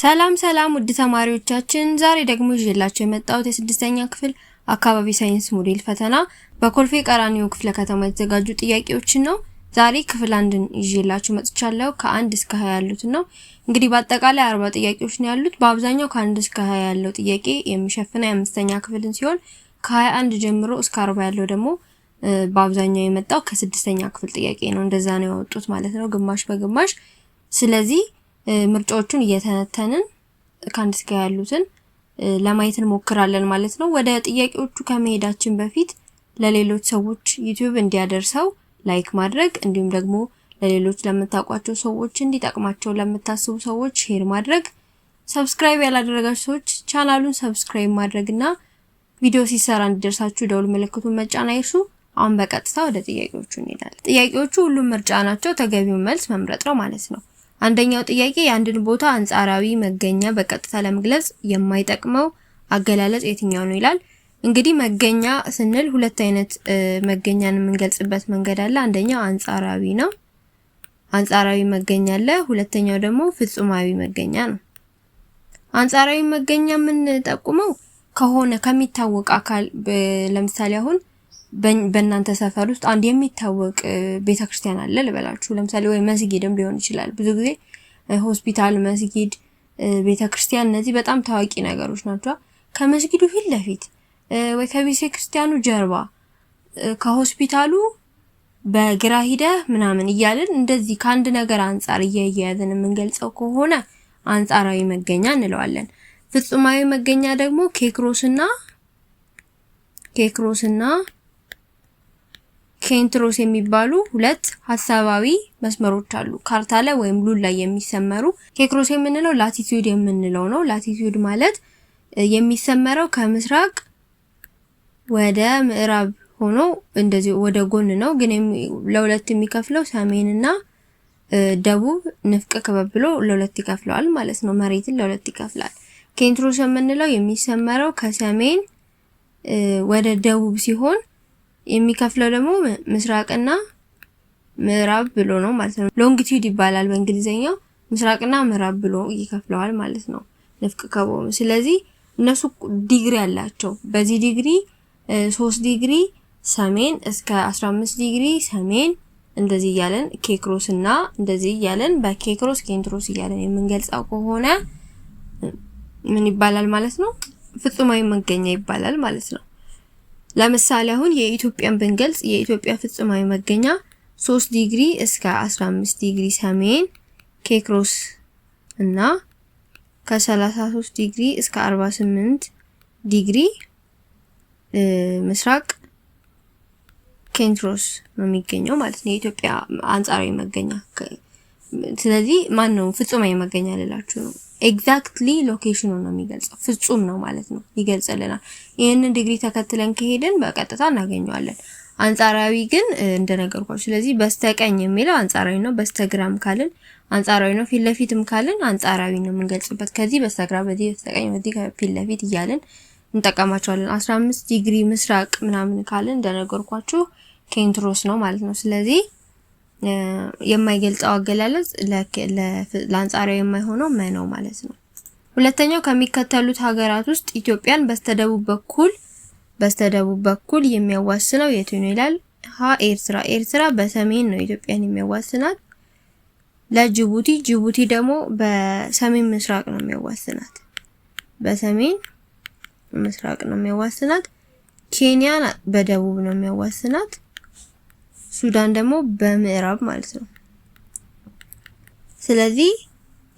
ሰላም ሰላም ውድ ተማሪዎቻችን፣ ዛሬ ደግሞ ይዤላችሁ የመጣሁት የስድስተኛ ክፍል አካባቢ ሳይንስ ሞዴል ፈተና በኮልፌ ቀራኒዮ ክፍለ ከተማ የተዘጋጁ ጥያቄዎችን ነው። ዛሬ ክፍል አንድን ይዤላችሁ መጥቻለሁ። ከአንድ እስከ ሀያ ያሉትን ነው። እንግዲህ በአጠቃላይ አርባ ጥያቄዎች ነው ያሉት። በአብዛኛው ከአንድ እስከ ሀያ ያለው ጥያቄ የሚሸፍነው የአምስተኛ ክፍልን ሲሆን ከሀያ አንድ ጀምሮ እስከ አርባ ያለው ደግሞ በአብዛኛው የመጣው ከስድስተኛ ክፍል ጥያቄ ነው። እንደዛ ነው ያወጡት ማለት ነው፣ ግማሽ በግማሽ ስለዚህ ምርጫዎቹን እየተነተንን ከአንድ እስከ ያሉትን ለማየት እንሞክራለን ማለት ነው። ወደ ጥያቄዎቹ ከመሄዳችን በፊት ለሌሎች ሰዎች ዩቲዩብ እንዲያደርሰው ላይክ ማድረግ እንዲሁም ደግሞ ለሌሎች ለምታውቋቸው ሰዎች እንዲጠቅማቸው ለምታስቡ ሰዎች ሼር ማድረግ፣ ሰብስክራይብ ያላደረጋችሁ ሰዎች ቻናሉን ሰብስክራይብ ማድረግና ቪዲዮ ሲሰራ እንዲደርሳችሁ ደውል ምልክቱን መጫን አይርሱ። አሁን በቀጥታ ወደ ጥያቄዎቹ እንሄዳለን። ጥያቄዎቹ ሁሉም ምርጫ ናቸው። ተገቢውን መልስ መምረጥ ነው ማለት ነው። አንደኛው ጥያቄ የአንድን ቦታ አንጻራዊ መገኛ በቀጥታ ለመግለጽ የማይጠቅመው አገላለጽ የትኛው ነው ይላል። እንግዲህ መገኛ ስንል ሁለት አይነት መገኛን የምንገልጽበት መንገድ አለ። አንደኛው አንጻራዊ ነው፣ አንጻራዊ መገኛ አለ። ሁለተኛው ደግሞ ፍጹማዊ መገኛ ነው። አንጻራዊ መገኛ የምንጠቁመው ከሆነ ከሚታወቅ አካል ለምሳሌ አሁን በእናንተ ሰፈር ውስጥ አንድ የሚታወቅ ቤተክርስቲያን አለ ልበላችሁ፣ ለምሳሌ ወይ መስጊድም ሊሆን ይችላል። ብዙ ጊዜ ሆስፒታል፣ መስጊድ፣ ቤተክርስቲያን እነዚህ በጣም ታዋቂ ነገሮች ናቸው። ከመስጊዱ ፊት ለፊት ወይ ከቤተክርስቲያኑ ጀርባ ከሆስፒታሉ በግራ ሂደህ ምናምን እያልን እንደዚህ ከአንድ ነገር አንጻር እያያያዝን የምንገልጸው ከሆነ አንጻራዊ መገኛ እንለዋለን። ፍጹማዊ መገኛ ደግሞ ኬክሮስና ኬክሮስና ኬንትሮስ የሚባሉ ሁለት ሀሳባዊ መስመሮች አሉ ካርታ ላይ ወይም ሉል ላይ የሚሰመሩ። ኬክሮስ የምንለው ላቲቱድ የምንለው ነው። ላቲቱድ ማለት የሚሰመረው ከምስራቅ ወደ ምዕራብ ሆኖ እንደዚህ ወደ ጎን ነው። ግን ለሁለት የሚከፍለው ሰሜንና ደቡብ ንፍቀ ክበብ ብሎ ለሁለት ይከፍለዋል ማለት ነው። መሬትን ለሁለት ይከፍላል። ኬንትሮስ የምንለው የሚሰመረው ከሰሜን ወደ ደቡብ ሲሆን የሚከፍለው ደግሞ ምስራቅና ምዕራብ ብሎ ነው ማለት ነው። ሎንግቲዩድ ይባላል በእንግሊዘኛው። ምስራቅና ምዕራብ ብሎ ይከፍለዋል ማለት ነው ንፍቅ ከቦም። ስለዚህ እነሱ ዲግሪ አላቸው። በዚህ ዲግሪ ሶስት ዲግሪ ሰሜን እስከ 15 ዲግሪ ሰሜን እንደዚህ እያለን ኬክሮስ እና እንደዚህ እያለን በኬክሮስ ኬንትሮስ እያለን የምንገልጸው ከሆነ ምን ይባላል ማለት ነው? ፍጹማዊ መገኛ ይባላል ማለት ነው። ለምሳሌ አሁን የኢትዮጵያን ብንገልጽ የኢትዮጵያ ፍጹማዊ መገኛ 3 ዲግሪ እስከ 15 ዲግሪ ሰሜን ኬክሮስ እና ከ33 ዲግሪ እስከ 48 ዲግሪ ምስራቅ ኬንትሮስ ነው የሚገኘው ማለት ነው፣ የኢትዮጵያ አንጻራዊ መገኛ። ስለዚህ ማን ነው ፍጹማዊ መገኛ ልላችሁ ነው። ኤግዛክትሊ ሎኬሽኑ ነው የሚገልጸው። ፍጹም ነው ማለት ነው ይገልጽልናል። ይህንን ዲግሪ ተከትለን ከሄድን በቀጥታ እናገኘዋለን። አንጻራዊ ግን እንደነገርኳችሁ፣ ስለዚህ በስተቀኝ የሚለው አንጻራዊ ነው። በስተግራም ካልን አንጻራዊ ነው። ፊት ለፊትም ካልን አንጻራዊ ነው የምንገልጽበት። ከዚህ በስተግራ፣ በዚህ በስተቀኝ፣ በዚህ ፊት ለፊት እያልን እንጠቀማቸዋለን። 15 ዲግሪ ምስራቅ ምናምን ካልን እንደነገርኳችሁ ኬንትሮስ ነው ማለት ነው። ስለዚህ የማይገልጸው አገላለጽ ለአንጻራዊ የማይሆነው መ ነው ማለት ነው። ሁለተኛው ከሚከተሉት ሀገራት ውስጥ ኢትዮጵያን በስተደቡብ በኩል በስተደቡብ በኩል የሚያዋስነው የቱ ነው ይላል። ሀ ኤርትራ። ኤርትራ በሰሜን ነው ኢትዮጵያን የሚያዋስናት። ለጅቡቲ ጅቡቲ ደግሞ በሰሜን ምስራቅ ነው የሚያዋስናት። በሰሜን ምስራቅ ነው የሚያዋስናት። ኬንያ በደቡብ ነው የሚያዋስናት። ሱዳን ደግሞ በምዕራብ ማለት ነው። ስለዚህ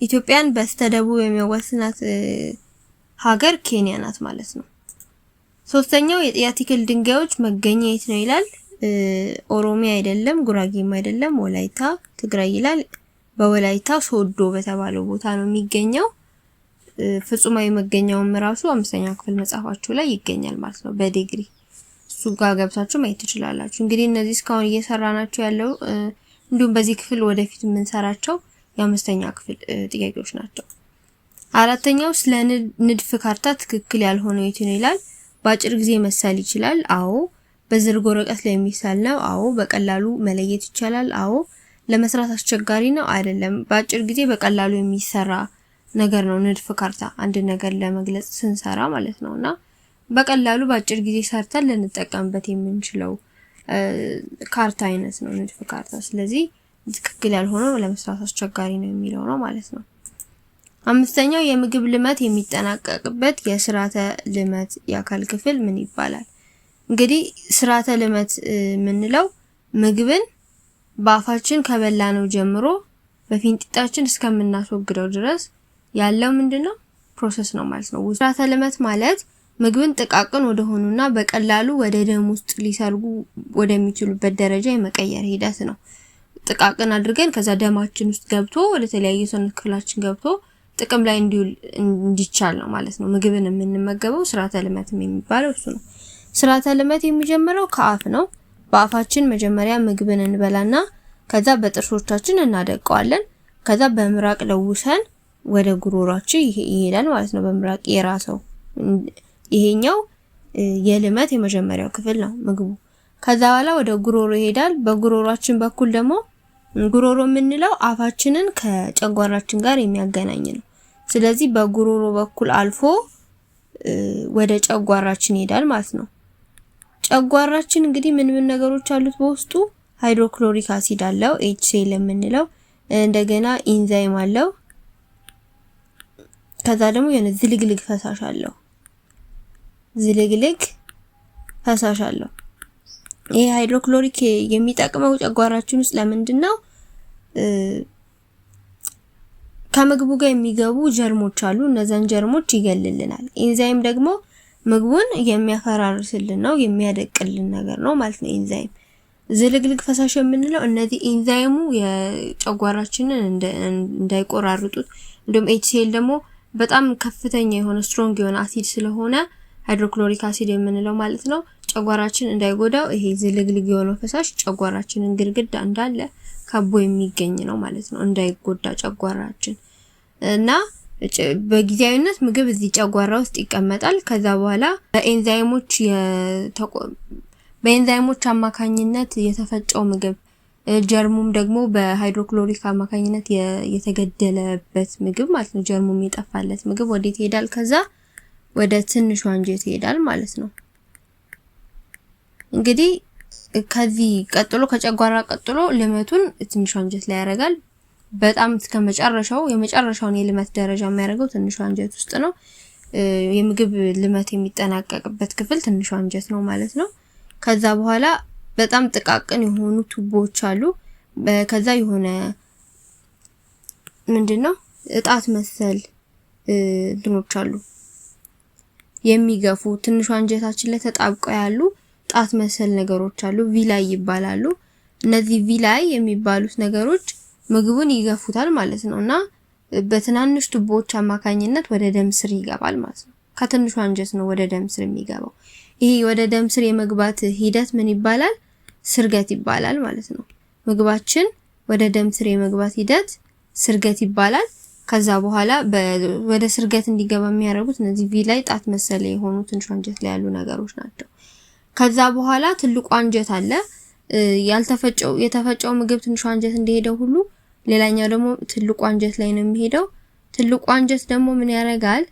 ኢትዮጵያን በስተደቡብ የሚያዋስናት ሀገር ኬንያ ናት ማለት ነው። ሶስተኛው የአቲክል ድንጋዮች መገኛ የት ነው ይላል። ኦሮሚያ አይደለም፣ ጉራጌም አይደለም፣ ወላይታ ትግራይ ይላል። በወላይታ ሶዶ በተባለው ቦታ ነው የሚገኘው። ፍጹማዊ መገኛውም ራሱ አምስተኛ ክፍል መጽሐፋችሁ ላይ ይገኛል ማለት ነው በዲግሪ እሱ ጋር ገብታችሁ ማየት ትችላላችሁ። እንግዲህ እነዚህ እስካሁን እየሰራናቸው ያለው እንዲሁም በዚህ ክፍል ወደፊት የምንሰራቸው የአምስተኛ ክፍል ጥያቄዎች ናቸው። አራተኛው ስለ ንድፍ ካርታ ትክክል ያልሆነው የቱ ነው ይላል። በአጭር ጊዜ መሳል ይችላል? አዎ። በዝርግ ወረቀት ላይ የሚሳል ነው? አዎ። በቀላሉ መለየት ይቻላል? አዎ። ለመስራት አስቸጋሪ ነው? አይደለም። በአጭር ጊዜ በቀላሉ የሚሰራ ነገር ነው ንድፍ ካርታ፣ አንድ ነገር ለመግለጽ ስንሰራ ማለት ነውና በቀላሉ በአጭር ጊዜ ሰርተን ልንጠቀምበት የምንችለው ካርታ አይነት ነው ንድፍ ካርታ። ስለዚህ ትክክል ያልሆነው ለመስራት አስቸጋሪ ነው የሚለው ነው ማለት ነው። አምስተኛው የምግብ ልመት የሚጠናቀቅበት የስርዓተ ልመት የአካል ክፍል ምን ይባላል? እንግዲህ ስርዓተ ልመት የምንለው ምግብን በአፋችን ከበላነው ጀምሮ በፊንጢጣችን እስከምናስወግደው ድረስ ያለው ምንድነው ፕሮሰስ ነው ማለት ነው። ስርዓተ ልመት ማለት ምግብን ጥቃቅን ወደሆኑና በቀላሉ ወደ ደም ውስጥ ሊሰርጉ ወደሚችሉበት ደረጃ የመቀየር ሂደት ነው። ጥቃቅን አድርገን ከዛ ደማችን ውስጥ ገብቶ ወደ ተለያየ ሰውነት ክፍላችን ገብቶ ጥቅም ላይ እንዲውል እንዲቻል ነው ማለት ነው። ምግብን የምንመገበው ስርዓተ ልመት የሚባለው እሱ ነው። ስርዓተ ልመት የሚጀምረው ከአፍ ነው። በአፋችን መጀመሪያ ምግብን እንበላና ከዛ በጥርሶቻችን እናደቀዋለን። ከዛ በምራቅ ለውሰን ወደ ጉሮሯችን ይሄዳል ማለት ነው። በምራቅ የራሰው ይሄኛው የልመት የመጀመሪያው ክፍል ነው ምግቡ። ከዛ በኋላ ወደ ጉሮሮ ይሄዳል። በጉሮሯችን በኩል ደግሞ ጉሮሮ የምንለው አፋችንን ከጨጓራችን ጋር የሚያገናኝ ነው። ስለዚህ በጉሮሮ በኩል አልፎ ወደ ጨጓራችን ይሄዳል ማለት ነው። ጨጓራችን እንግዲህ ምን ምን ነገሮች አሉት በውስጡ ሃይድሮክሎሪክ አሲድ አለው ኤችሲኤል የምንለው እንደገና ኢንዛይም አለው። ከዛ ደግሞ የሆነ ዝልግልግ ፈሳሽ አለው። ዝልግልግ ፈሳሽ አለው። ይሄ ሃይድሮክሎሪክ የሚጠቅመው ጨጓራችን ውስጥ ለምንድን ነው? ከምግቡ ጋር የሚገቡ ጀርሞች አሉ። እነዛን ጀርሞች ይገልልናል። ኢንዛይም ደግሞ ምግቡን የሚያፈራርስልን ነው፣ የሚያደቅልን ነገር ነው ማለት ነው። ኢንዛይም ዝልግልግ ፈሳሽ የምንለው እነዚህ ኢንዛይሙ የጨጓራችንን እንዳይቆራርጡት እንዲሁም ኤችሲኤል ደግሞ በጣም ከፍተኛ የሆነ ስትሮንግ የሆነ አሲድ ስለሆነ ሃይድሮክሎሪክ አሲድ የምንለው ማለት ነው። ጨጓራችን እንዳይጎዳው ይሄ ዝልግልግ የሆነው ፈሳሽ ጨጓራችንን ግድግዳ እንዳለ ከቦ የሚገኝ ነው ማለት ነው። እንዳይጎዳ ጨጓራችን እና በጊዜያዊነት ምግብ እዚህ ጨጓራ ውስጥ ይቀመጣል። ከዛ በኋላ በኤንዛይሞች በኤንዛይሞች አማካኝነት የተፈጨው ምግብ ጀርሙም ደግሞ በሃይድሮክሎሪክ አማካኝነት የተገደለበት ምግብ ማለት ነው። ጀርሙም የጠፋለት ምግብ ወዴት ይሄዳል? ከዛ ወደ ትንሿ አንጀት ይሄዳል ማለት ነው። እንግዲህ ከዚህ ቀጥሎ ከጨጓራ ቀጥሎ ልመቱን ትንሿ አንጀት ላይ ያደርጋል። በጣም እስከ መጨረሻው የመጨረሻውን የልመት ደረጃ የሚያደርገው ትንሿ አንጀት ውስጥ ነው። የምግብ ልመት የሚጠናቀቅበት ክፍል ትንሿ አንጀት ነው ማለት ነው። ከዛ በኋላ በጣም ጥቃቅን የሆኑ ቱቦዎች አሉ። ከዛ የሆነ ምንድን ነው እጣት መሰል ድኖች አሉ። የሚገፉ ትንሿ አንጀታችን ላይ ተጣብቀው ያሉ ጣት መሰል ነገሮች አሉ፣ ቪላይ ይባላሉ። እነዚህ ቪላይ የሚባሉት ነገሮች ምግቡን ይገፉታል ማለት ነው እና በትናንሽ ቱቦዎች አማካኝነት ወደ ደም ስር ይገባል ማለት ነው። ከትንሿ አንጀት ነው ወደ ደም ስር የሚገባው። ይሄ ወደ ደም ስር የመግባት ሂደት ምን ይባላል? ስርገት ይባላል ማለት ነው። ምግባችን ወደ ደም ስር የመግባት ሂደት ስርገት ይባላል። ከዛ በኋላ ወደ ስርገት እንዲገባ የሚያደርጉት እነዚህ ቪ ላይ ጣት መሰለ የሆኑ ትንሿ አንጀት ላይ ያሉ ነገሮች ናቸው። ከዛ በኋላ ትልቁ አንጀት አለ። ያልተፈጨው የተፈጨው ምግብ ትንሿ አንጀት እንደሄደው ሁሉ ሌላኛው ደግሞ ትልቁ አንጀት ላይ ነው የሚሄደው። ትልቁ አንጀት ደግሞ ምን ያደርጋል?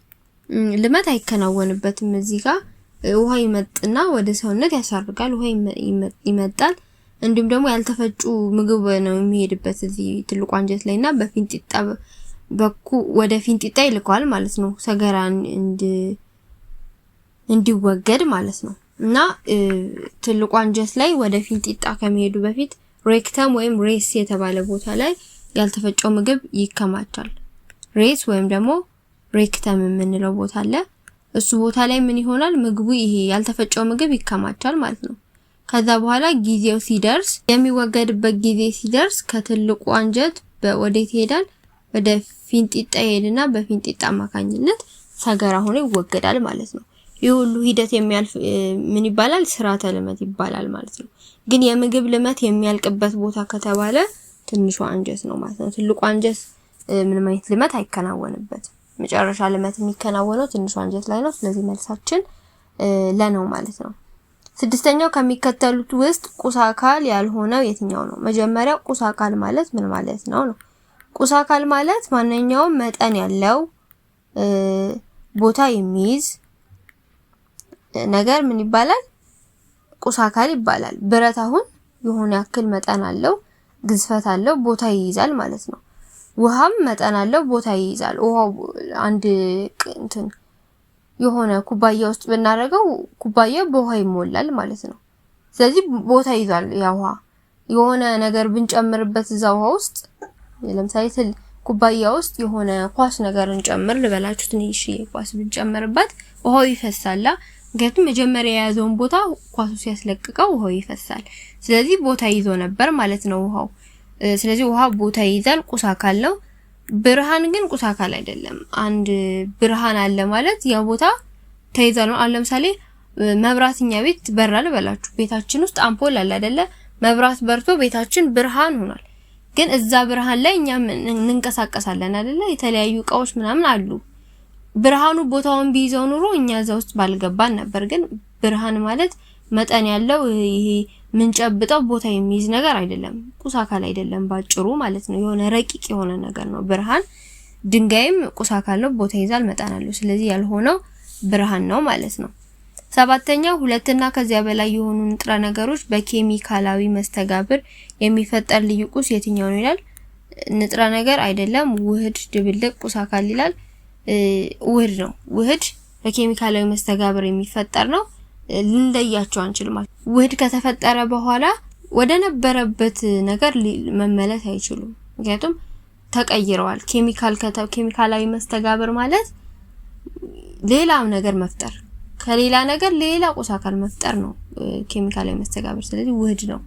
ልመት አይከናወንበትም። እዚህ ጋር ውሃ ይመጥና ወደ ሰውነት ያሳርጋል። ውሃ ይመጣል። እንዲሁም ደግሞ ያልተፈጩ ምግብ ነው የሚሄድበት እዚህ ትልቁ አንጀት ላይ እና በፊንጢጣ በኩ ወደ ፊንጢጣ ይልከዋል ማለት ነው። ሰገራን እንዲወገድ ማለት ነው። እና ትልቁ አንጀት ላይ ወደ ፊንጢጣ ከመሄዱ በፊት ሬክተም ወይም ሬስ የተባለ ቦታ ላይ ያልተፈጨው ምግብ ይከማቻል። ሬስ ወይም ደግሞ ሬክተም የምንለው ቦታ አለ። እሱ ቦታ ላይ ምን ይሆናል? ምግቡ ይሄ ያልተፈጨው ምግብ ይከማቻል ማለት ነው። ከዛ በኋላ ጊዜው ሲደርስ የሚወገድበት ጊዜ ሲደርስ ከትልቁ አንጀት ወዴት ይሄዳል? ወደ ፊንጢጣ ይሄድና በፊንጢጣ አማካኝነት ሰገራ ሆኖ ይወገዳል ማለት ነው። ይህ ሁሉ ሂደት የሚያልፍ ምን ይባላል? ስርዓተ ልመት ይባላል ማለት ነው። ግን የምግብ ልመት የሚያልቅበት ቦታ ከተባለ ትንሹ አንጀት ነው ማለት ነው። ትልቁ አንጀት ምንም አይነት ልመት አይከናወንበትም። መጨረሻ ልመት የሚከናወነው ትንሹ አንጀት ላይ ነው። ስለዚህ መልሳችን ለነው ማለት ነው። ስድስተኛው ከሚከተሉት ውስጥ ቁስ አካል ያልሆነው የትኛው ነው? መጀመሪያ ቁስ አካል ማለት ምን ማለት ነው ነው ቁስ አካል ማለት ማንኛውም መጠን ያለው ቦታ የሚይዝ ነገር ምን ይባላል? ቁስ አካል ይባላል። ብረት አሁን የሆነ ያክል መጠን አለው፣ ግዝፈት አለው፣ ቦታ ይይዛል ማለት ነው። ውሃም መጠን አለው፣ ቦታ ይይዛል። ውሃው አንድ እንትን የሆነ ኩባያ ውስጥ ብናደርገው ኩባያው በውሃ ይሞላል ማለት ነው። ስለዚህ ቦታ ይዟል። ያ ውሃ የሆነ ነገር ብንጨምርበት እዛ ውሃ ውስጥ ለምሳሌ ትል ኩባያ ውስጥ የሆነ ኳስ ነገርን ጨምር ልበላችሁ፣ ትንሽ ኳስ ብንጨምርበት ውሃው ይፈሳላ። ምክንያቱም መጀመሪያ የያዘውን ቦታ ኳሱ ሲያስለቅቀው ውሃው ይፈሳል። ስለዚህ ቦታ ይዞ ነበር ማለት ነው ውሃው። ስለዚህ ውሃ ቦታ ይይዛል፣ ቁስ አካል ነው። ብርሃን ግን ቁስ አካል አይደለም። አንድ ብርሃን አለ ማለት ያ ቦታ ተይዟል ነው። አሁን ለምሳሌ መብራት ቤት በራ ልበላችሁ፣ ቤታችን ውስጥ አምፖል አለ አይደለ? መብራት በርቶ ቤታችን ብርሃን ሆኗል። ግን እዛ ብርሃን ላይ እኛ እንንቀሳቀሳለን አይደለ? የተለያዩ እቃዎች ምናምን አሉ። ብርሃኑ ቦታውን ቢይዘው ኑሮ እኛ እዛ ውስጥ ባልገባን ነበር። ግን ብርሃን ማለት መጠን ያለው ይሄ ምንጨብጠው ቦታ የሚይዝ ነገር አይደለም፣ ቁስ አካል አይደለም፣ ባጭሩ ማለት ነው። የሆነ ረቂቅ የሆነ ነገር ነው ብርሃን። ድንጋይም ቁስ አካል ነው፣ ቦታ ይዛል፣ መጠን አለው። ስለዚህ ያልሆነው ብርሃን ነው ማለት ነው። ሰባተኛ ሁለትና ከዚያ በላይ የሆኑ ንጥረ ነገሮች በኬሚካላዊ መስተጋብር የሚፈጠር ልዩ ቁስ የትኛው ነው ይላል። ንጥረ ነገር አይደለም፣ ውህድ፣ ድብልቅ፣ ቁስ አካል ይላል። ውህድ ነው። ውህድ በኬሚካላዊ መስተጋብር የሚፈጠር ነው። ልንለያቸው አንችልም። ውህድ ከተፈጠረ በኋላ ወደ ነበረበት ነገር መመለስ አይችሉም። ምክንያቱም ተቀይረዋል። ኬሚካል ኬሚካላዊ መስተጋብር ማለት ሌላም ነገር መፍጠር ከሌላ ነገር ሌላ ቁስ አካል መፍጠር ነው ኬሚካላዊ መስተጋብር። ስለዚህ ውህድ ነው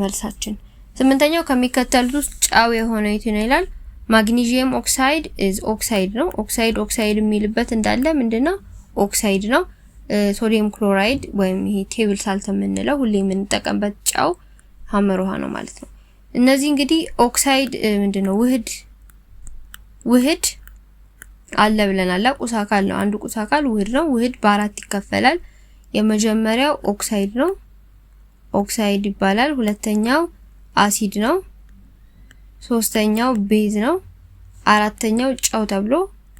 መልሳችን። ስምንተኛው ከሚከተሉት ውስጥ ጫው የሆነ የትኛው ነው ይላል። ማግኒዥየም ኦክሳይድ ኢዝ ኦክሳይድ ነው። ኦክሳይድ ኦክሳይድ የሚልበት እንዳለ ምንድነው ኦክሳይድ ነው። ሶዲየም ክሎራይድ ወይም ይሄ ቴብል ሳልት የምንለው ሁሌ የምንጠቀምበት ጫው ሀመር ውሃ ነው ማለት ነው። እነዚህ እንግዲህ ኦክሳይድ ምንድነው ውህድ ውህድ አለ ብለናል። ቁስ አካል ነው። አንዱ ቁስ አካል ውህድ ነው። ውህድ በአራት ይከፈላል። የመጀመሪያው ኦክሳይድ ነው፣ ኦክሳይድ ይባላል። ሁለተኛው አሲድ ነው። ሶስተኛው ቤዝ ነው። አራተኛው ጨው ተብሎ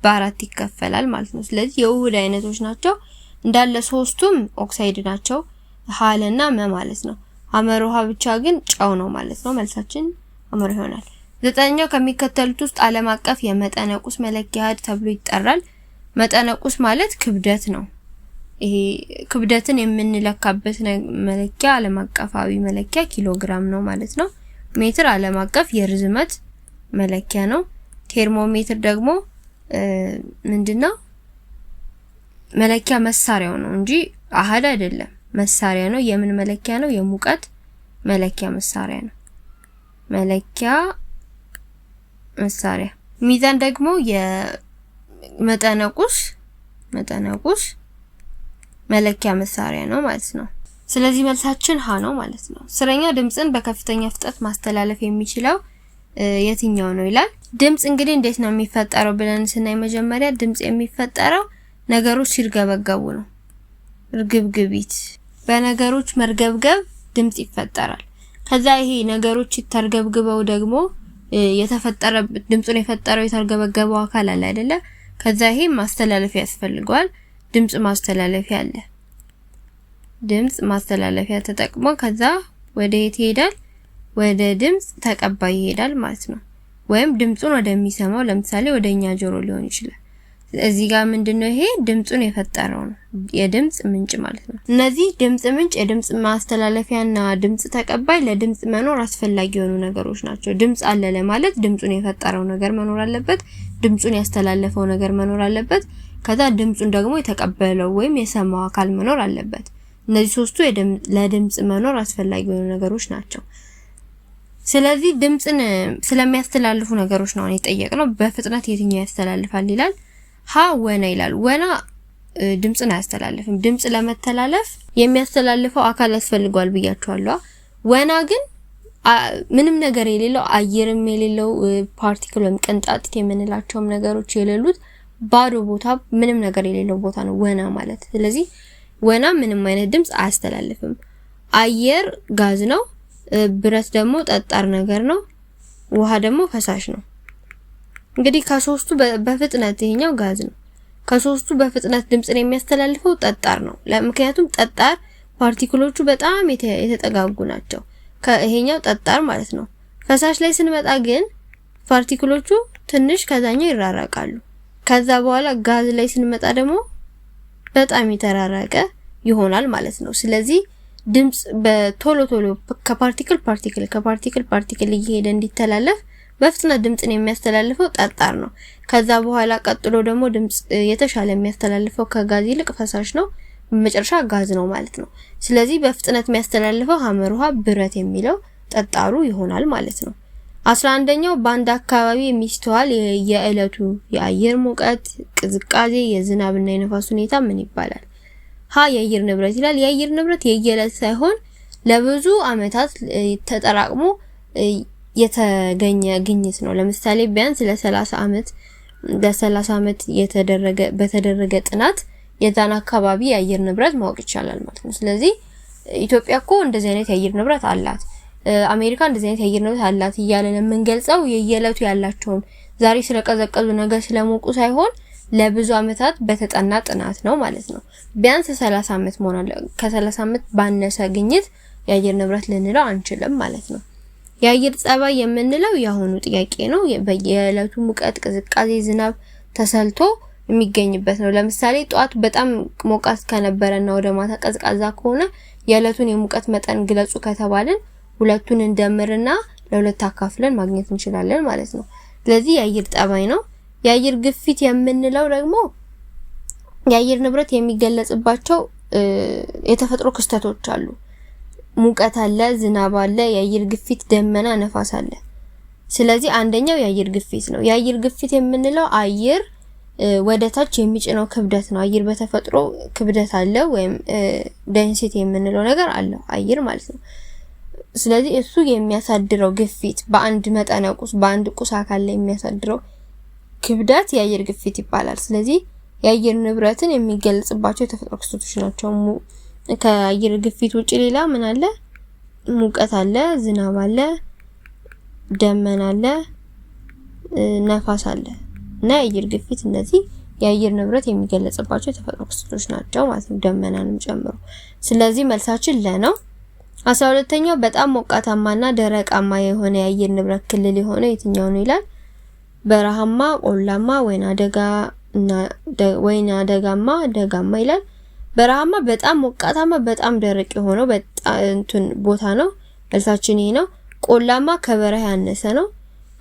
በአራት ይከፈላል ማለት ነው። ስለዚህ የውህድ አይነቶች ናቸው እንዳለ ሶስቱም ኦክሳይድ ናቸው፣ ሀለና መ ማለት ነው። ውሃ ብቻ ግን ጨው ነው ማለት ነው። መልሳችን አመሮ ይሆናል። ዘጠነኛው ከሚከተሉት ውስጥ ዓለም አቀፍ የመጠነ ቁስ መለኪያ አሃድ ተብሎ ይጠራል። መጠነ ቁስ ማለት ክብደት ነው። ይሄ ክብደትን የምንለካበት መለኪያ ዓለም አቀፋዊ መለኪያ ኪሎ ግራም ነው ማለት ነው። ሜትር ዓለም አቀፍ የርዝመት መለኪያ ነው። ቴርሞሜትር ደግሞ ምንድነው? መለኪያ መሳሪያው ነው እንጂ አሃድ አይደለም። መሳሪያ ነው። የምን መለኪያ ነው? የሙቀት መለኪያ መሳሪያ ነው። መለኪያ መሳሪያ። ሚዛን ደግሞ የመጠነ ቁስ መጠነ ቁስ መለኪያ መሳሪያ ነው ማለት ነው። ስለዚህ መልሳችን ሀ ነው ማለት ነው። ስረኛ ድምፅን በከፍተኛ ፍጥነት ማስተላለፍ የሚችለው የትኛው ነው ይላል። ድምፅ እንግዲህ እንዴት ነው የሚፈጠረው ብለን ስናይ መጀመሪያ ድምፅ የሚፈጠረው ነገሮች ሲርገበገቡ ነው። እርግብግቢት በነገሮች መርገብገብ ድምፅ ይፈጠራል። ከዛ ይሄ ነገሮች ተርገብግበው ደግሞ የተፈጠረ ድምጹን የፈጠረው የተርገበገበው አካል አለ አይደለ? ከዛ ይሄ ማስተላለፊያ ያስፈልገዋል። ድምጽ ማስተላለፊያ አለ። ድምጽ ማስተላለፊያ ተጠቅሞ ከዛ ወደ የት ይሄዳል? ወደ ድምጽ ተቀባይ ይሄዳል ማለት ነው። ወይም ድምጹን ወደሚሰማው ለምሳሌ ወደኛ ጆሮ ሊሆን ይችላል። እዚህ ጋር ምንድነው ይሄ ድምፁን የፈጠረው ነው የድምጽ ምንጭ ማለት ነው። እነዚህ ድምጽ ምንጭ፣ የድምጽ ማስተላለፊያና ድምጽ ተቀባይ ለድምጽ መኖር አስፈላጊ የሆኑ ነገሮች ናቸው። ድምጽ አለ ለማለት ድምጹን የፈጠረው ነገር መኖር አለበት። ድምጹን ያስተላለፈው ነገር መኖር አለበት። ከዛ ድምጹን ደግሞ የተቀበለው ወይም የሰማው አካል መኖር አለበት። እነዚህ ሶስቱ ለድምጽ መኖር አስፈላጊ የሆኑ ነገሮች ናቸው። ስለዚህ ድምጽን ስለሚያስተላልፉ ነገሮች ነው የጠየቅነው። በፍጥነት የትኛው ያስተላልፋል ይላል። ሀ ወና ይላል። ወና ድምፅን አያስተላልፍም። ድምፅ ለመተላለፍ የሚያስተላልፈው አካል ያስፈልገዋል ብያችኋለሁ። ወና ግን ምንም ነገር የሌለው አየርም የሌለው ፓርቲክል ወይም ቅንጣጢት የምንላቸውም ነገሮች የሌሉት ባዶ ቦታ ምንም ነገር የሌለው ቦታ ነው ወና ማለት። ስለዚህ ወና ምንም አይነት ድምፅ አያስተላልፍም። አየር ጋዝ ነው። ብረት ደግሞ ጠጣር ነገር ነው። ውሃ ደግሞ ፈሳሽ ነው። እንግዲህ ከሶስቱ በፍጥነት ይሄኛው ጋዝ ነው። ከሶስቱ በፍጥነት ድምጽን የሚያስተላልፈው ጠጣር ነው። ምክንያቱም ጠጣር ፓርቲክሎቹ በጣም የተጠጋጉ ናቸው። ከይሄኛው ጠጣር ማለት ነው። ፈሳሽ ላይ ስንመጣ ግን ፓርቲክሎቹ ትንሽ ከዛኛው ይራራቃሉ። ከዛ በኋላ ጋዝ ላይ ስንመጣ ደግሞ በጣም የተራራቀ ይሆናል ማለት ነው። ስለዚህ ድምጽ በቶሎ ቶሎ ከፓርቲክል ፓርቲክል ከፓርቲክል ፓርቲክል እየሄደ እንዲተላለፍ በፍጥነት ድምጽን የሚያስተላልፈው ጠጣር ነው። ከዛ በኋላ ቀጥሎ ደግሞ ድምጽ የተሻለ የሚያስተላልፈው ከጋዝ ይልቅ ፈሳሽ ነው። መጨረሻ ጋዝ ነው ማለት ነው። ስለዚህ በፍጥነት የሚያስተላልፈው ሀመር ውሃ ብረት የሚለው ጠጣሩ ይሆናል ማለት ነው። አስራ አንደኛው በአንድ አካባቢ የሚስተዋል የእለቱ የአየር ሙቀት፣ ቅዝቃዜ፣ የዝናብና የነፋስ ሁኔታ ምን ይባላል? ሀ የአየር ንብረት ይላል። የአየር ንብረት የየዕለት ሳይሆን ለብዙ አመታት ተጠራቅሞ የተገኘ ግኝት ነው። ለምሳሌ ቢያንስ ለ30 ዓመት ለ30 ዓመት የተደረገ በተደረገ ጥናት የዛን አካባቢ የአየር ንብረት ማወቅ ይቻላል ማለት ነው። ስለዚህ ኢትዮጵያ እኮ እንደዚህ አይነት የአየር ንብረት አላት፣ አሜሪካ እንደዚህ አይነት የአየር ንብረት አላት እያለን የምንገልጸው የየዕለቱ ያላቸውን ዛሬ ስለቀዘቀዙ ነገ ስለሞቁ ሳይሆን ለብዙ ዓመታት በተጠና ጥናት ነው ማለት ነው። ቢያንስ 30 ዓመት መሆን አለ። ከ30 ዓመት ባነሰ ግኝት የአየር ንብረት ልንለው አንችልም ማለት ነው። የአየር ጸባይ የምንለው የአሁኑ ጥያቄ ነው። በየዕለቱ ሙቀት፣ ቅዝቃዜ፣ ዝናብ ተሰልቶ የሚገኝበት ነው። ለምሳሌ ጧት በጣም ሞቃት ከነበረና ወደ ማታ ቀዝቃዛ ከሆነ የዕለቱን የሙቀት መጠን ግለጹ ከተባልን ሁለቱን እንደምርና ለሁለት አካፍለን ማግኘት እንችላለን ማለት ነው። ስለዚህ የአየር ጠባይ ነው። የአየር ግፊት የምንለው ደግሞ የአየር ንብረት የሚገለጽባቸው የተፈጥሮ ክስተቶች አሉ። ሙቀት አለ፣ ዝናብ አለ፣ የአየር ግፊት፣ ደመና፣ ነፋስ አለ። ስለዚህ አንደኛው የአየር ግፊት ነው። የአየር ግፊት የምንለው አየር ወደ ታች የሚጭነው ክብደት ነው። አየር በተፈጥሮ ክብደት አለው ወይም ደንሲቲ የምንለው ነገር አለው አየር ማለት ነው። ስለዚህ እሱ የሚያሳድረው ግፊት በአንድ መጠነ ቁስ በአንድ ቁስ አካል ላይ የሚያሳድረው ክብደት የአየር ግፊት ይባላል። ስለዚህ የአየር ንብረትን የሚገልጽባቸው የተፈጥሮ ክስተቶች ናቸው። ከአየር ግፊት ውጪ ሌላ ምን አለ? ሙቀት አለ፣ ዝናብ አለ፣ ደመና አለ፣ ነፋስ አለ እና የአየር ግፊት እነዚህ የአየር ንብረት የሚገለጽባቸው የተፈጥሮ ክስተቶች ናቸው ማለት ነው፣ ደመናንም ጨምሮ። ስለዚህ መልሳችን ለ ነው። አስራ ሁለተኛው በጣም ሞቃታማና ደረቃማ የሆነ የአየር ንብረት ክልል የሆነ የትኛው ነው ይላል። በረሃማ፣ ቆላማ፣ ወይና ደጋ እና ወይና ደጋማ ደጋማ ይላል። በረሃማ በጣም ሞቃታማ በጣም ደረቅ የሆነው እንትን ቦታ ነው። እርሳችን ይሄ ነው። ቆላማ ከበረሃ ያነሰ ነው።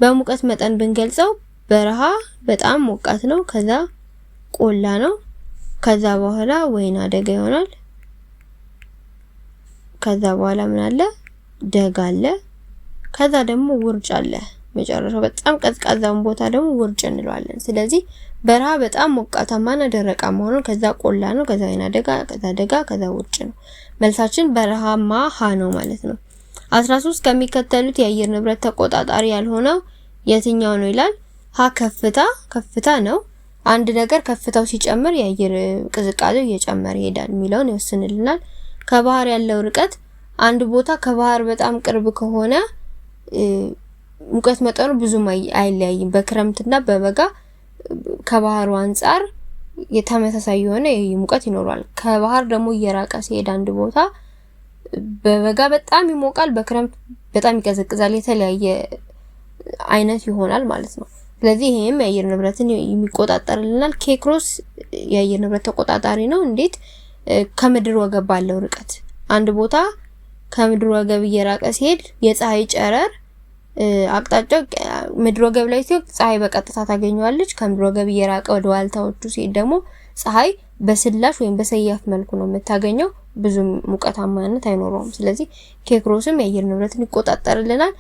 በሙቀት መጠን ብንገልጸው በረሃ በጣም ሞቃት ነው። ከዛ ቆላ ነው። ከዛ በኋላ ወይና ደጋ ይሆናል። ከዛ በኋላ ምን አለ? ደጋ አለ። ከዛ ደግሞ ውርጭ አለ። መጨረሻው በጣም ቀዝቃዛውን ቦታ ደግሞ ውርጭ እንለዋለን። ስለዚህ በረሃ በጣም ሞቃታማና ደረቃማ ሆኖ ከዛ ቆላ ነው፣ ከዛ ወይና ደጋ፣ ከዛ ደጋ፣ ከዛ ውጭ ነው። መልሳችን በረሃማ ሀ ነው ማለት ነው። 13 ከሚከተሉት የአየር ንብረት ተቆጣጣሪ ያልሆነው የትኛው ነው ይላል። ሀ ከፍታ ከፍታ ነው። አንድ ነገር ከፍታው ሲጨምር የአየር ቅዝቃዜው እየጨመረ ይሄዳል የሚለውን ይወስንልናል። ከባህር ያለው ርቀት አንድ ቦታ ከባህር በጣም ቅርብ ከሆነ ሙቀት መጠኑ ብዙም አይለያይም። በክረምትና በበጋ ከባህሩ አንጻር የተመሳሳይ የሆነ ሙቀት ይኖረዋል። ከባህር ደግሞ እየራቀ ሲሄድ አንድ ቦታ በበጋ በጣም ይሞቃል፣ በክረምት በጣም ይቀዘቅዛል። የተለያየ አይነት ይሆናል ማለት ነው። ስለዚህ ይሄም የአየር ንብረትን የሚቆጣጠርልናል። ኬክሮስ የአየር ንብረት ተቆጣጣሪ ነው። እንዴት? ከምድር ወገብ ባለው ርቀት አንድ ቦታ ከምድር ወገብ እየራቀ ሲሄድ የፀሐይ ጨረር አቅጣጫው ምድሮ ወገብ ላይ ሲወቅጥ ፀሐይ በቀጥታ ታገኘዋለች። ከምድረ ወገብ እየራቀ ወደ ዋልታዎቹ ሲሄድ ደግሞ ፀሐይ በስላሽ ወይም በሰያፍ መልኩ ነው የምታገኘው። ብዙም ሙቀታማነት አይኖረውም። ስለዚህ ኬክሮስም የአየር ንብረትን ይቆጣጠርልናል።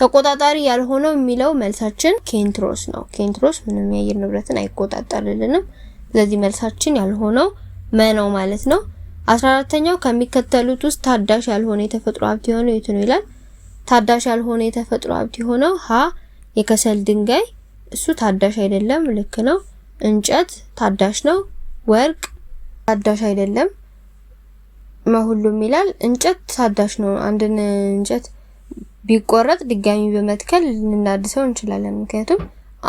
ተቆጣጣሪ ያልሆነው የሚለው መልሳችን ኬንትሮስ ነው። ኬንትሮስ ምንም የአየር ንብረትን አይቆጣጠርልንም። ስለዚህ መልሳችን ያልሆነው መ ነው ማለት ነው። አስራ አራተኛው ከሚከተሉት ውስጥ ታዳሽ ያልሆነ የተፈጥሮ ሀብት የሆነው የት ነው ይላል። ታዳሽ ያልሆነ የተፈጥሮ ሀብት የሆነው ሀ የከሰል ድንጋይ እሱ ታዳሽ አይደለም፣ ልክ ነው። እንጨት ታዳሽ ነው። ወርቅ ታዳሽ አይደለም። መሁሉም ይላል እንጨት ታዳሽ ነው። አንድን እንጨት ቢቆረጥ ድጋሚ በመትከል ልናድሰው እንችላለን። ምክንያቱም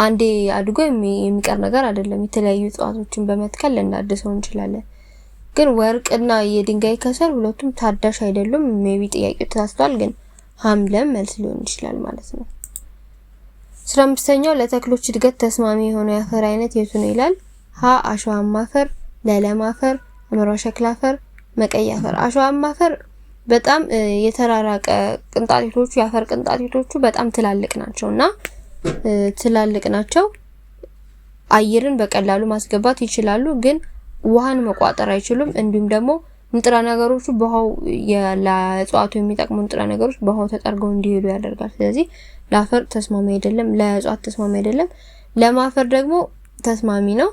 አንዴ አድጎ የሚቀር ነገር አይደለም። የተለያዩ እጽዋቶችን በመትከል ልናድሰው እንችላለን። ግን ወርቅና የድንጋይ ከሰል ሁለቱም ታዳሽ አይደሉም። ሜቢ ጥያቄው ተሳስቷል። ግን ሀምለም መልስ ሊሆን ይችላል ማለት ነው። አስራ አምስተኛው ለተክሎች እድገት ተስማሚ የሆነ የአፈር አይነት የቱ ነው ይላል። ሀ አሸዋማ አፈር፣ ለለም አፈር፣ አምሮ ሸክላ አፈር፣ መቀይ አፈር። አሸዋማ አፈር በጣም የተራራቀ ቅንጣቶቹ የአፈር ቅንጣቶቹ በጣም ትላልቅ ናቸው እና ትላልቅ ናቸው። አየርን በቀላሉ ማስገባት ይችላሉ፣ ግን ውሃን መቋጠር አይችሉም። እንዲሁም ደግሞ ንጥረ ነገሮቹ በውሃው ለእጽዋቱ የሚጠቅሙ ንጥረ ነገሮች በውሃው ተጠርገው እንዲሄዱ ያደርጋል። ስለዚህ ለአፈር ተስማሚ አይደለም፣ ለእጽዋት ተስማሚ አይደለም። ለማፈር ደግሞ ተስማሚ ነው።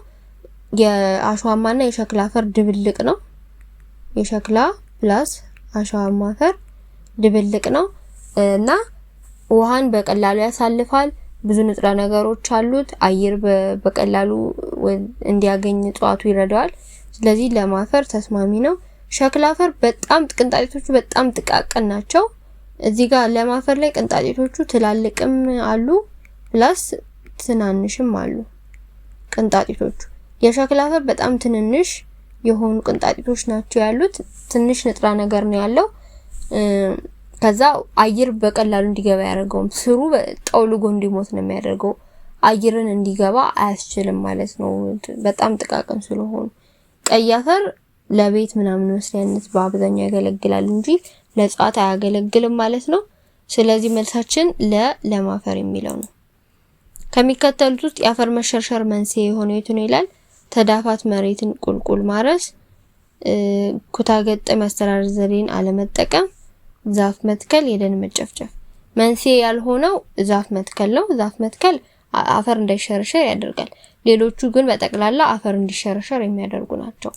የአሸዋማና የሸክላ አፈር ድብልቅ ነው። የሸክላ ፕላስ አሸዋማ አፈር ድብልቅ ነው እና ውሃን በቀላሉ ያሳልፋል። ብዙ ንጥረ ነገሮች አሉት። አየር በቀላሉ እንዲያገኝ እጽዋቱ ይረዳዋል። ስለዚህ ለማፈር ተስማሚ ነው። ሸክላ አፈር በጣም ቅንጣቶቹ በጣም ጥቃቅን ናቸው። እዚህ ጋር ለም አፈር ላይ ቅንጣጤቶቹ ትላልቅም አሉ ፕላስ ትናንሽም አሉ። ቅንጣጤቶቹ የሸክላ አፈር በጣም ትንንሽ የሆኑ ቅንጣጤቶች ናቸው ያሉት። ትንሽ ንጥረ ነገር ነው ያለው። ከዛ አየር በቀላሉ እንዲገባ ያደርገውም ስሩ ጠውልጎ እንዲሞት ነው የሚያደርገው። አየርን እንዲገባ አያስችልም ማለት ነው። በጣም ጥቃቅን ስለሆኑ ቀይ አፈር ለቤት ምናምን መስሪያነት በአብዛኛው ያገለግላል እንጂ ለእጽዋት አያገለግልም ማለት ነው። ስለዚህ መልሳችን ለ ለማፈር የሚለው ነው። ከሚከተሉት ውስጥ የአፈር መሸርሸር መንስኤ የሆነው የቱ ነው ይላል። ተዳፋት መሬትን ቁልቁል ማረስ፣ ኩታገጠም አስተራረስ ዘዴን አለመጠቀም፣ ዛፍ መትከል፣ የደን መጨፍጨፍ። መንስኤ ያልሆነው ዛፍ መትከል ነው። ዛፍ መትከል አፈር እንዳይሸረሸር ያደርጋል። ሌሎቹ ግን በጠቅላላ አፈር እንዲሸረሸር የሚያደርጉ ናቸው።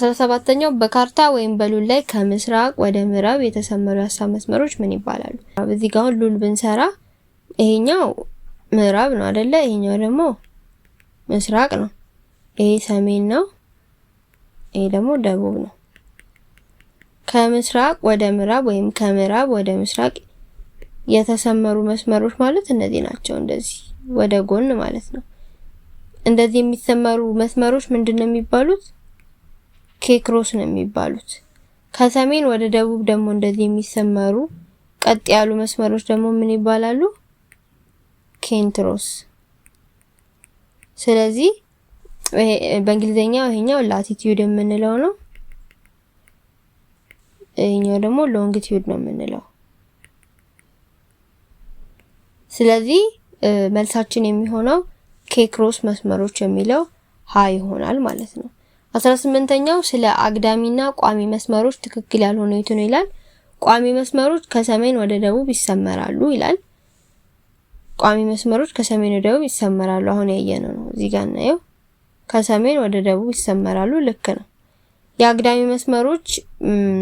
17ኛው በካርታ ወይም በሉል ላይ ከምስራቅ ወደ ምዕራብ የተሰመሩ የሀሳብ መስመሮች ምን ይባላሉ? እዚህ ጋር አሁን ሉል ብንሰራ ይሄኛው ምዕራብ ነው አይደለ? ይሄኛው ደግሞ ምስራቅ ነው። ይሄ ሰሜን ነው። ይሄ ደግሞ ደቡብ ነው። ከምስራቅ ወደ ምዕራብ ወይም ከምዕራብ ወደ ምስራቅ የተሰመሩ መስመሮች ማለት እነዚህ ናቸው። እንደዚህ ወደ ጎን ማለት ነው። እንደዚህ የሚሰመሩ መስመሮች ምንድን ነው የሚባሉት? ኬክሮስ ነው የሚባሉት። ከሰሜን ወደ ደቡብ ደግሞ እንደዚህ የሚሰመሩ ቀጥ ያሉ መስመሮች ደግሞ ምን ይባላሉ? ኬንትሮስ። ስለዚህ በእንግሊዝኛ ይሄኛው ላቲቲዩድ የምንለው ነው። ይሄኛው ደግሞ ሎንግቲዩድ ነው የምንለው። ስለዚህ መልሳችን የሚሆነው ኬክሮስ መስመሮች የሚለው ሀ ይሆናል ማለት ነው። 18ኛው ስለ አግዳሚና ቋሚ መስመሮች ትክክል ያልሆነ የቱ ነው ይላል። ቋሚ መስመሮች ከሰሜን ወደ ደቡብ ይሰመራሉ ይላል። ቋሚ መስመሮች ከሰሜን ወደ ደቡብ ይሰመራሉ። አሁን ያየነው ነው። እዚህ ጋር እናየው። ከሰሜን ወደ ደቡብ ይሰመራሉ። ልክ ነው። የአግዳሚ መስመሮች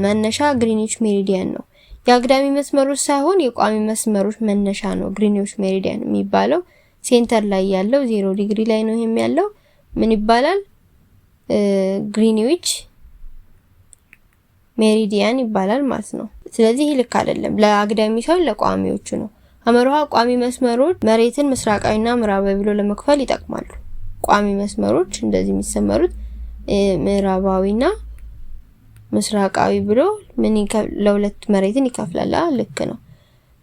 መነሻ ግሪኒች ሜሪዲያን ነው። የአግዳሚ መስመሮች ሳይሆን የቋሚ መስመሮች መነሻ ነው ግሪኒች ሜሪዲያን የሚባለው። ሴንተር ላይ ያለው ዜሮ ዲግሪ ላይ ነው። ይሄም ያለው ምን ይባላል? ግሪንዊች ሜሪዲያን ይባላል ማለት ነው። ስለዚህ ይህ ልክ አይደለም፣ ለአግዳሚ ሳይሆን ለቋሚዎቹ ነው። ሐመርሃ ቋሚ መስመሮች መሬትን ምስራቃዊና ምዕራባዊ ብሎ ለመክፈል ይጠቅማሉ። ቋሚ መስመሮች እንደዚህ የሚሰመሩት ምዕራባዊና ምስራቃዊ ብሎ ምን ለሁለት መሬትን ይከፍላል። ልክ ነው።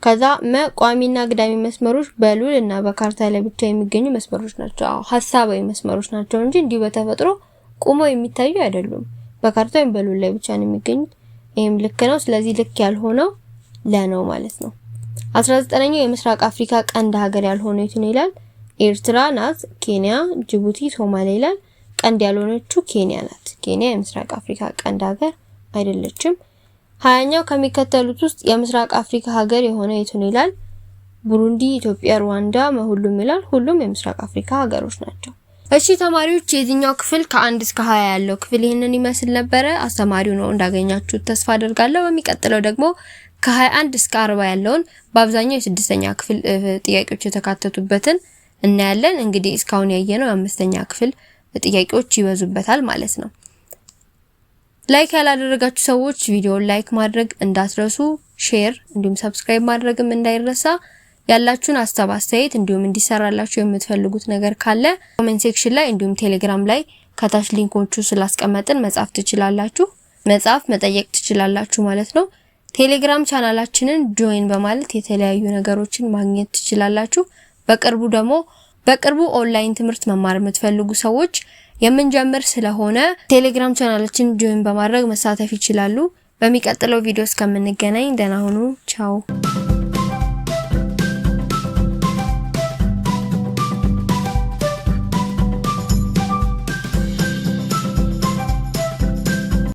ከዛ መቋሚና አግዳሚ መስመሮች በሉል እና በካርታ ላይ ብቻ የሚገኙ መስመሮች ናቸው። ሀሳባዊ መስመሮች ናቸው እንጂ እንዲሁ በተፈጥሮ ቁመው የሚታዩ አይደሉም። በካርታ ወይም በሉል ላይ ብቻ ነው የሚገኙት። ይህም ልክ ነው። ስለዚህ ልክ ያልሆነው ለ ነው ማለት ነው። 19ኛው የምስራቅ አፍሪካ ቀንድ ሀገር ያልሆነ የቱ ነው ይላል። ኤርትራ ናት፣ ኬንያ፣ ጅቡቲ፣ ሶማሌ ይላል። ቀንድ ያልሆነችው ኬንያ ናት። ኬንያ የምስራቅ አፍሪካ ቀንድ ሀገር አይደለችም። ሀያኛው ከሚከተሉት ውስጥ የምስራቅ አፍሪካ ሀገር የሆነ የቱ ነው ይላል። ቡሩንዲ፣ ኢትዮጵያ፣ ሩዋንዳ፣ ሁሉም ይላል። ሁሉም የምስራቅ አፍሪካ ሀገሮች ናቸው። እሺ ተማሪዎች የዚህኛው ክፍል ከአንድ እስከ ሀያ ያለው ክፍል ይህንን ይመስል ነበረ። አስተማሪው ነው እንዳገኛችሁት ተስፋ አደርጋለሁ። በሚቀጥለው ደግሞ ከ21 እስከ አርባ ያለውን በአብዛኛው የስድስተኛ ክፍል ጥያቄዎች የተካተቱበትን እናያለን። እንግዲህ እስካሁን ያየነው የአምስተኛ ክፍል ጥያቄዎች ይበዙበታል ማለት ነው። ላይክ ያላደረጋችሁ ሰዎች ቪዲዮን ላይክ ማድረግ እንዳትረሱ፣ ሼር እንዲሁም ሰብስክራይብ ማድረግም እንዳይረሳ ያላችሁን ሀሳብ አስተያየት፣ እንዲሁም እንዲሰራላችሁ የምትፈልጉት ነገር ካለ ኮሜንት ሴክሽን ላይ እንዲሁም ቴሌግራም ላይ ከታች ሊንኮቹ ስላስቀመጥን መጻፍ ትችላላችሁ፣ መጻፍ መጠየቅ ትችላላችሁ ማለት ነው። ቴሌግራም ቻናላችንን ጆይን በማለት የተለያዩ ነገሮችን ማግኘት ትችላላችሁ። በቅርቡ ደግሞ በቅርቡ ኦንላይን ትምህርት መማር የምትፈልጉ ሰዎች የምንጀምር ስለሆነ ቴሌግራም ቻናላችን ጆይን በማድረግ መሳተፍ ይችላሉ። በሚቀጥለው ቪዲዮ እስከምንገናኝ ደህና ሁኑ። ቻው